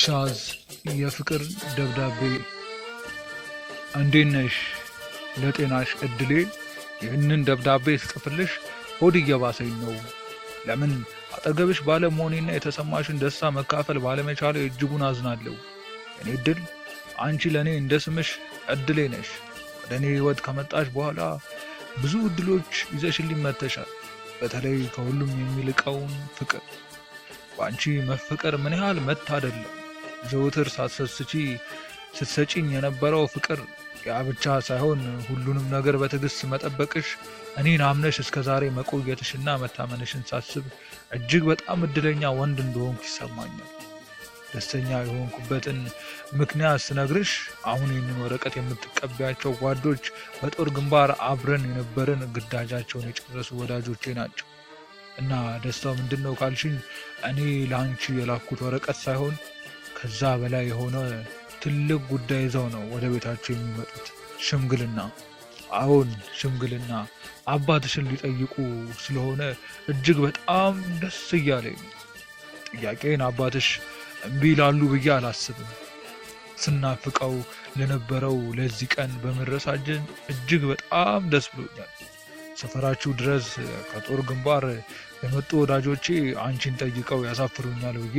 ሻዝ የፍቅር ደብዳቤ። እንዴት ነሽ? ለጤናሽ እድሌ። ይህንን ደብዳቤ ስጽፍልሽ ሆድ እየባሰኝ ነው። ለምን አጠገብሽ ባለመሆኔና የተሰማሽን ደስታ መካፈል ባለመቻለ እጅጉን አዝናለሁ። እኔ እድል፣ አንቺ ለእኔ እንደ ስምሽ እድሌ ነሽ። ወደ እኔ ሕይወት ከመጣሽ በኋላ ብዙ እድሎች ይዘሽልኝ መጥተሻል። በተለይ ከሁሉም የሚልቀውን ፍቅር በአንቺ መፈቀር ምን ያህል መታደል አይደለም ዘውትር ሳትሰስቺ ስትሰጪኝ የነበረው ፍቅር ያ ብቻ ሳይሆን ሁሉንም ነገር በትዕግስት መጠበቅሽ እኔን አምነሽ እስከ ዛሬ መቆየትሽና መታመንሽን ሳስብ እጅግ በጣም እድለኛ ወንድ እንደሆንኩ ይሰማኛል። ደስተኛ የሆንኩበትን ምክንያት ስነግርሽ አሁን ይህንን ወረቀት የምትቀበያቸው ጓዶች በጦር ግንባር አብረን የነበረን ግዳጃቸውን የጨረሱ ወዳጆቼ ናቸው። እና ደስታው ምንድን ነው ካልሽኝ እኔ ለአንቺ የላኩት ወረቀት ሳይሆን ከዛ በላይ የሆነ ትልቅ ጉዳይ ይዘው ነው ወደ ቤታቸው የሚመጡት። ሽምግልና። አዎን ሽምግልና። አባትሽን ሊጠይቁ ስለሆነ እጅግ በጣም ደስ እያለኝ ነው። ጥያቄን አባትሽ እምቢ ይላሉ ብዬ አላስብም። ስናፍቀው ለነበረው ለዚህ ቀን በመድረሳችን እጅግ በጣም ደስ ብሎኛል። ሰፈራችሁ ድረስ ከጦር ግንባር የመጡ ወዳጆቼ አንቺን ጠይቀው ያሳፍሩኛል ብዬ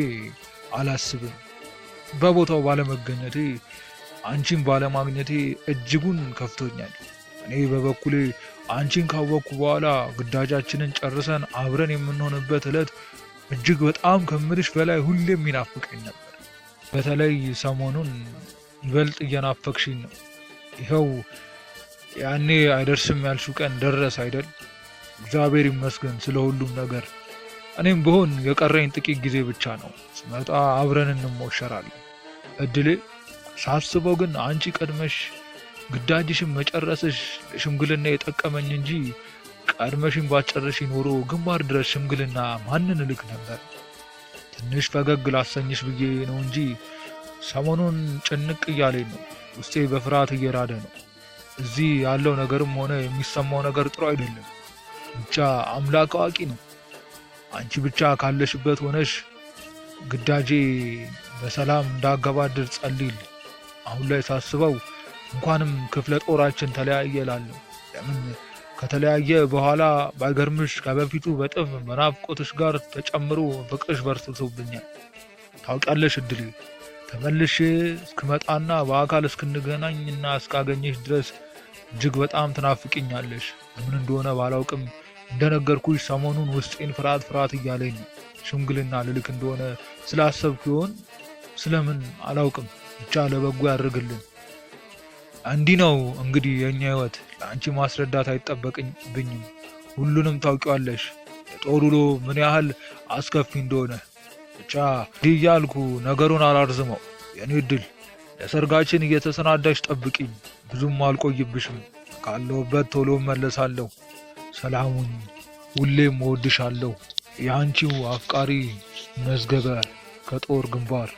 አላስብም። በቦታው ባለመገኘቴ አንቺን ባለማግኘቴ እጅጉን ከፍቶኛል። እኔ በበኩሌ አንቺን ካወቅኩ በኋላ ግዳጃችንን ጨርሰን አብረን የምንሆንበት ዕለት እጅግ በጣም ከምልሽ በላይ ሁሌም ይናፍቀኝ ነበር። በተለይ ሰሞኑን ይበልጥ እየናፈቅሽኝ ነው። ይኸው ያኔ አይደርስም ያልሹ ቀን ደረስ አይደል? እግዚአብሔር ይመስገን ስለ ሁሉም ነገር። እኔም ብሆን የቀረኝ ጥቂት ጊዜ ብቻ ነው። ስመጣ አብረን እንሞሸራለን። እድሌ ሳስበው ግን አንቺ ቀድመሽ ግዳጅሽን መጨረስሽ ሽምግልና የጠቀመኝ እንጂ ቀድመሽን ባጨረሽ ኖሮ ግንባር ድረስ ሽምግልና ማንን እልክ ነበር? ትንሽ ፈገግ ላሰኝሽ ብዬ ነው እንጂ ሰሞኑን ጭንቅ እያለኝ ነው። ውስጤ በፍርሃት እየራደ ነው። እዚህ ያለው ነገርም ሆነ የሚሰማው ነገር ጥሩ አይደለም። ብቻ አምላክ አዋቂ ነው። አንቺ ብቻ ካለሽበት ሆነሽ ግዳጄ በሰላም እንዳገባድር ጸልይል። አሁን ላይ ሳስበው እንኳንም ክፍለ ጦራችን ተለያየ እላለሁ። ለምን ከተለያየ በኋላ ባይገርምሽ ከበፊቱ በጥፍ መናፍቆትሽ ጋር ተጨምሮ ፍቅርሽ በርትቶብኛል። ታውቂያለሽ እድል ተመልሼ እስክመጣና በአካል እስክንገናኝና እስካገኘሽ ድረስ እጅግ በጣም ትናፍቅኛለሽ። ለምን እንደሆነ ባላውቅም እንደነገርኩሽ ሰሞኑን ውስጤን ፍርሃት ፍርሃት እያለኝ ነው። ሽምግልና ልልክ እንደሆነ ስላሰብኩ ይሆን ስለምን አላውቅም፣ ብቻ ለበጎ ያደርግልን። እንዲህ ነው እንግዲህ የእኛ ህይወት። ለአንቺ ማስረዳት አይጠበቅብኝም። ሁሉንም ታውቂዋለሽ። የጦር ውሎ ምን ያህል አስከፊ እንደሆነ ብቻ እንዲህ እያልኩ ነገሩን አላርዝመው። የኔ እድል ለሰርጋችን እየተሰናዳሽ ጠብቂኝ። ብዙም አልቆይብሽም። ካለሁበት ቶሎ መለሳለሁ። ሰላሙኝ ሁሌም እወድሻለሁ። የአንቺው አፍቃሪ መዝገበ ከጦር ግንባር